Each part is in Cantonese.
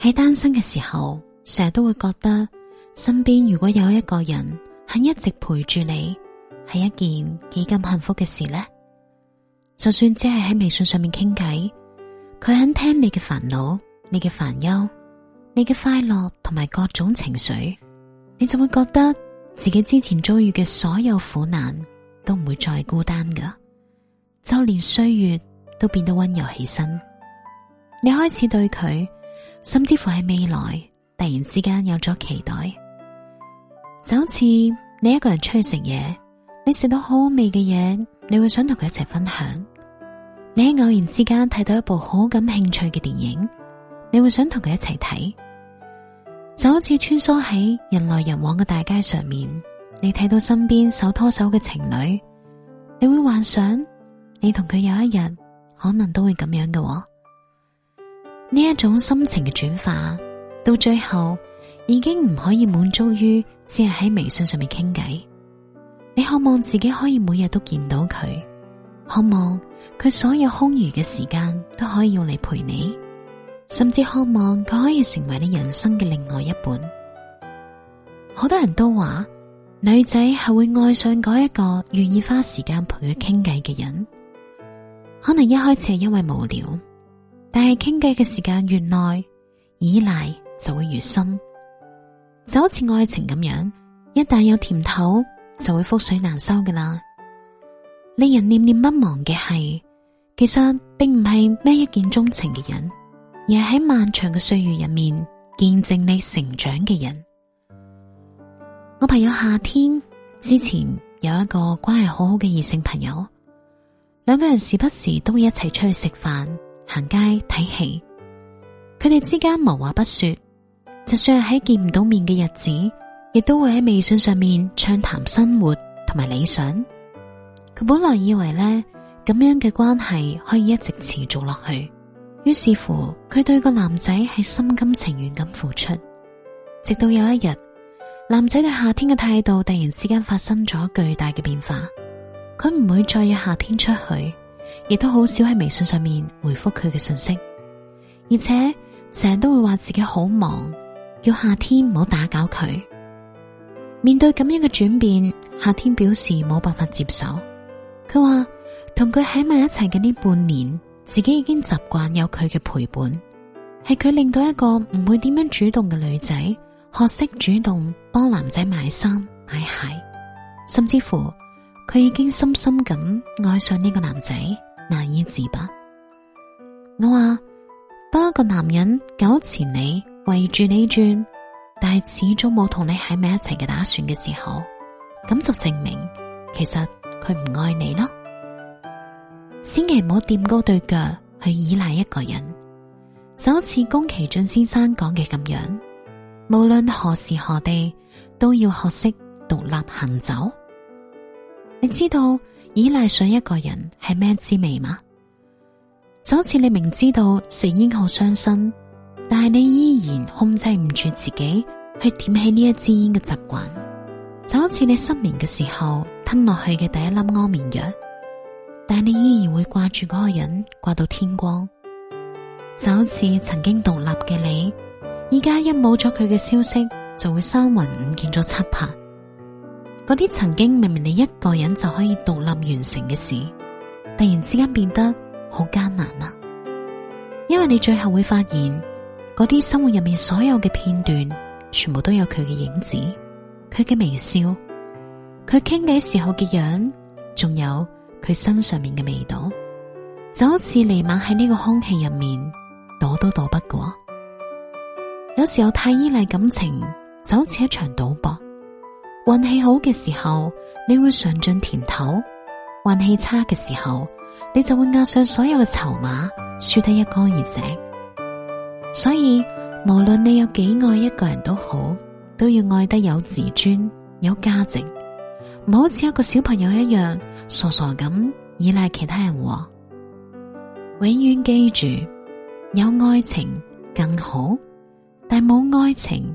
喺單身嘅時候，成日都會覺得身邊如果有一個人肯一直陪住你，係一件幾咁幸福嘅事呢？就算只係喺微信上面傾偈，佢肯聽你嘅煩惱、你嘅煩憂、你嘅快樂同埋各種情緒，你就會覺得自己之前遭遇嘅所有苦難都唔會再孤單噶，就連歲月都變得溫柔起身。你開始對佢。甚至乎喺未來突然之間有咗期待，就好似你一個人出去食嘢，你食到好味嘅嘢，你會想同佢一齊分享；你喺偶然之間睇到一部好感興趣嘅電影，你會想同佢一齊睇。就好似穿梭喺人來人往嘅大街上面，你睇到身邊手拖手嘅情侶，你會幻想你同佢有一日可能都會咁樣嘅。呢一種心情嘅轉化，到最後已經唔可以滿足於只係喺微信上面傾偈。你渴望自己可以每日都見到佢，渴望佢所有空餘嘅時間都可以用嚟陪你，甚至渴望佢可以成為你人生嘅另外一半。好多人都話，女仔係會愛上嗰一個願意花時間陪佢傾偈嘅人。可能一開始係因為無聊。但係傾偈嘅時間越耐，依賴就會越深，就好似愛情咁樣，一旦有甜頭，就會覆水難收噶啦。令人念念不忘嘅係，其實並唔係咩一見鍾情嘅人，而係喺漫長嘅歲月入面見證你成長嘅人。我朋友夏天之前有一個關係好好嘅異性朋友，兩個人時不時都會一齊出去食飯。行街睇戲，佢哋之間無話不說，就算係喺見唔到面嘅日子，亦都會喺微信上面暢談生活同埋理想。佢本來以為呢咁樣嘅關係可以一直持續落去，於是乎佢對個男仔係心甘情願咁付出。直到有一日，男仔對夏天嘅態度突然之間發生咗巨大嘅變化，佢唔會再與夏天出去。亦都好少喺微信上面回覆佢嘅信息，而且成日都會話自己好忙，要夏天唔好打攪佢。面對咁樣嘅轉變，夏天表示冇辦法接受。佢話同佢喺埋一齊嘅呢半年，自己已經習慣有佢嘅陪伴，係佢令到一個唔會點樣主動嘅女仔，學識主動幫男仔買衫買鞋，甚至乎佢已經深深咁愛上呢個男仔。難以自拔。我話當一個男人糾纏你、圍住你轉，但係始終冇同你喺埋一齊嘅打算嘅時候，咁就證明其實佢唔愛你咯。千祈唔好掂高對腳去依賴一個人。就好似宮崎駿先生講嘅咁樣，無論何時何地，都要學識獨立行走。你知道？依賴上一個人係咩滋味嗎？就好似你明知道食煙好傷身，但係你依然控制唔住自己去點起呢一支煙嘅習慣。就好似你失眠嘅時候吞落去嘅第一粒安眠藥，但係你依然會掛住嗰個人掛到天光。就好似曾經獨立嘅你，依家一冇咗佢嘅消息，就會三魂唔見咗七魄。嗰啲曾經明明你一個人就可以獨立完成嘅事，突然之間變得好艱難啊！因為你最後會發現，嗰啲生活入面所有嘅片段，全部都有佢嘅影子，佢嘅微笑，佢傾偈時候嘅樣，仲有佢身上面嘅味道，就好似彌漫喺呢個空氣入面躲都躲不過。有時候太依賴感情，就好似一場賭博。運氣好嘅時候，你會嘗盡甜頭；運氣差嘅時候，你就會押上所有嘅籌碼，輸得一乾二淨。所以，無論你有幾愛一個人都好，都要愛得有自尊、有價值，唔好似一個小朋友一樣傻傻咁依賴其他人喎。永遠記住，有愛情更好，但冇愛情。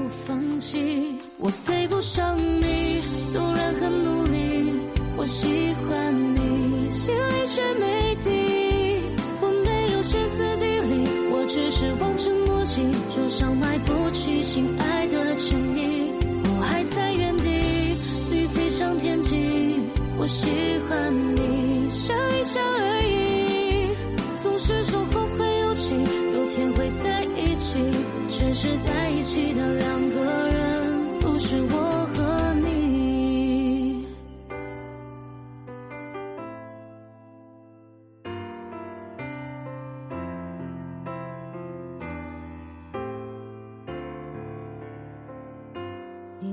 放棄，我配不上你，縱然很努力，我喜歡你。心裏。